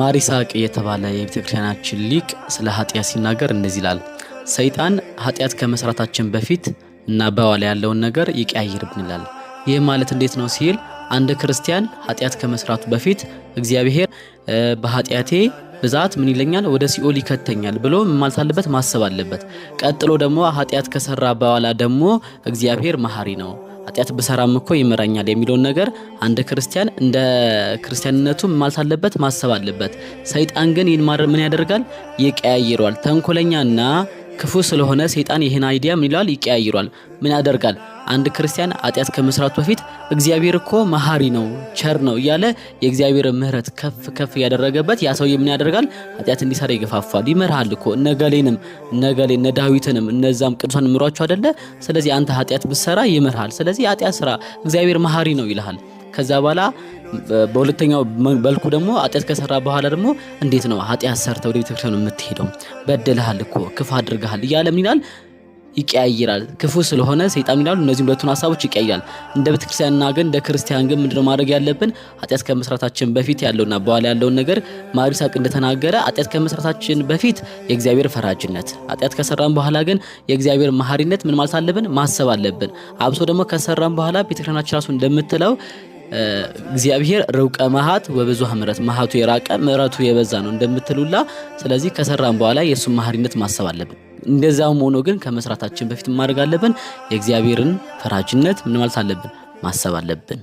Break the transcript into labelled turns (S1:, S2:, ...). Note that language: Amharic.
S1: ማሪሳቅ የተባለ የቤተ ክርስቲያናችን ሊቅ ስለ ኃጢአት ሲናገር እንደዚህ ይላል። ሰይጣን ኃጢአት ከመስራታችን በፊት እና በኋላ ያለውን ነገር ይቀያይርብን ይላል። ይህ ማለት እንዴት ነው ሲል አንድ ክርስቲያን ኃጢአት ከመስራቱ በፊት እግዚአብሔር በኃጢአቴ ብዛት ምን ይለኛል ወደ ሲኦል ይከተኛል ብሎ ማልታለበት ማሰብ አለበት። ቀጥሎ ደግሞ ኃጢአት ከሰራ በኋላ ደግሞ እግዚአብሔር መሐሪ ነው ኃጢአት ብሰራም እኮ ይምረኛል የሚለውን ነገር አንድ ክርስቲያን እንደ ክርስቲያንነቱ ማለት አለበት ማሰብ አለበት። ሰይጣን ግን ይህን ምን ያደርጋል? ይቀያይረዋል። ተንኮለኛና ክፉ ስለሆነ ሰይጣን ይህን አይዲያ ምን ይለዋል? ይቀያይሯል። ምን ያደርጋል? አንድ ክርስቲያን ኃጢአት ከመስራቱ በፊት እግዚአብሔር እኮ መሐሪ ነው፣ ቸር ነው እያለ የእግዚአብሔር ምሕረት ከፍ ከፍ ያደረገበት ያ ሰውዬ ምን ያደርጋል? ኃጢአት እንዲሰራ ይገፋፋል። ይመርሃል እኮ እነገሌንም እነገሌ እነ ዳዊትንም እነዛም ቅዱሳን ምሯቸው አደለ? ስለዚህ አንተ ኃጢአት ብትሰራ ይመርሃል። ስለዚህ ኃጢአት ስራ፣ እግዚአብሔር መሐሪ ነው ይልሃል። ከዛ በኋላ በሁለተኛው መልኩ ደግሞ ኃጢአት ከሰራ በኋላ ደግሞ እንዴት ነው ኃጢአት ሰርተ ወደ ቤተክርስቲያን የምትሄደው? በደልሃል እኮ ክፍ አድርገሃል እያለ ምን ይላል? ይቀያይራል። ክፉ ስለሆነ ሰይጣን ይላሉ እነዚህ ሁለቱን ሀሳቦች ይቀያይራል። እንደ ቤተክርስቲያንና ግን እንደ ክርስቲያን ግን ምንድነው ማድረግ ያለብን? ኃጢአት ከመስራታችን በፊት ያለውና በኋላ ያለውን ነገር ማር እንደተናገረ ኃጢአት ከመስራታችን በፊት የእግዚአብሔር ፈራጅነት፣ ኃጢአት ከሰራን በኋላ ግን የእግዚአብሔር መሀሪነት ምን ማለት አለብን ማሰብ አለብን። አብሶ ደግሞ ከሰራን በኋላ ቤተክርስቲያናችን ራሱ እንደምትለው እግዚአብሔር ርውቀ መሀት ወብዙ ምሕረት መሀቱ የራቀ ምሕረቱ የበዛ ነው እንደምትሉላ። ስለዚህ ከሰራን በኋላ የእሱን መሐሪነት ማሰብ አለብን። እንደዛም ሆኖ ግን ከመስራታችን በፊት ማድረግ አለብን የእግዚአብሔርን ፈራጅነት ምን ማለት አለብን ማሰብ አለብን።